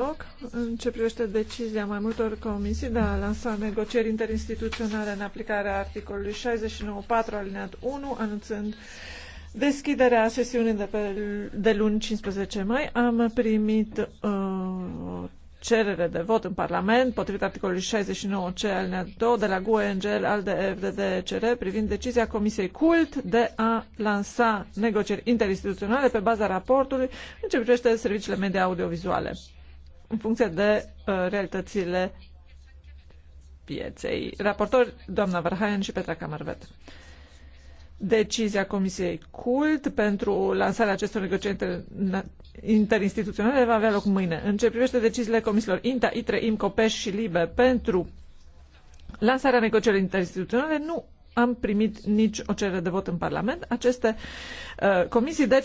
loc în ce privește decizia mai multor comisii de a lansa negocieri interinstituționale în aplicarea articolului 69.4 alineat 1, anunțând deschiderea sesiunii de, pe, de luni 15 mai. Am primit uh, cerere de vot în Parlament, potrivit articolului 69C alineat 2 de la GUE, NGL, ALDE, FDDCR, privind decizia Comisiei CULT de a lansa negocieri interinstituționale pe baza raportului în ce privește serviciile media audiovizuale în funcție de uh, realitățile pieței. Raportori, doamna Verhaen și Petra Camarvet. Decizia Comisiei CULT pentru lansarea acestor negocieri interinstituționale va avea loc mâine. În ce privește deciziile comisiilor INTA, ITRE, IMCO, PES și LIBE pentru lansarea negocierilor interinstituționale, nu am primit nici o cerere de vot în Parlament. Aceste uh, comisii, deci,